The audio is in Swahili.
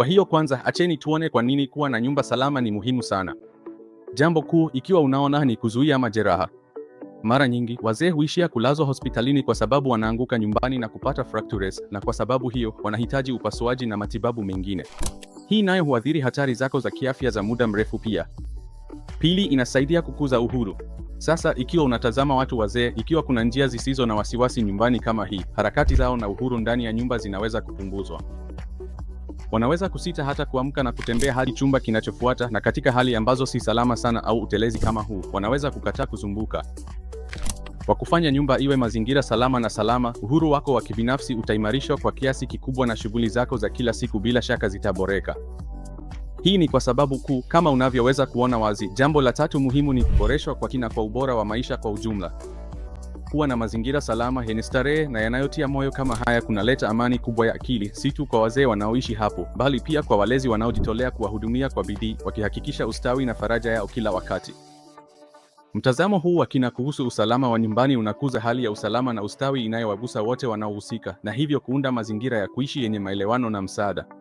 Kwa hiyo kwanza, acheni tuone kwa nini kuwa na nyumba salama ni muhimu sana. Jambo kuu, ikiwa unaona, ni kuzuia majeraha. Mara nyingi wazee huishia kulazwa hospitalini kwa sababu wanaanguka nyumbani na kupata fractures, na kwa sababu hiyo wanahitaji upasuaji na matibabu mengine. Hii nayo huathiri hatari zako za kiafya za muda mrefu pia. Pili, inasaidia kukuza uhuru. Sasa ikiwa unatazama watu wazee, ikiwa kuna njia zisizo na wasiwasi nyumbani kama hii, harakati zao na uhuru ndani ya nyumba zinaweza kupunguzwa. Wanaweza kusita hata kuamka na kutembea hadi chumba kinachofuata, na katika hali ambazo si salama sana au utelezi kama huu, wanaweza kukataa kuzunguka. Kwa kufanya nyumba iwe mazingira salama na salama, uhuru wako wa kibinafsi utaimarishwa kwa kiasi kikubwa na shughuli zako za kila siku bila shaka zitaboreka. Hii ni kwa sababu kuu kama unavyoweza kuona wazi. Jambo la tatu muhimu ni kuboreshwa kwa kina kwa ubora wa maisha kwa ujumla. Kuwa na mazingira salama yenye starehe na yanayotia moyo kama haya kunaleta amani kubwa ya akili, si tu kwa wazee wanaoishi hapo, bali pia kwa walezi wanaojitolea kuwahudumia kwa bidii, wakihakikisha ustawi na faraja yao kila wakati. Mtazamo huu wa kina kuhusu usalama wa nyumbani unakuza hali ya usalama na ustawi inayowagusa wote wanaohusika, na hivyo kuunda mazingira ya kuishi yenye maelewano na msaada.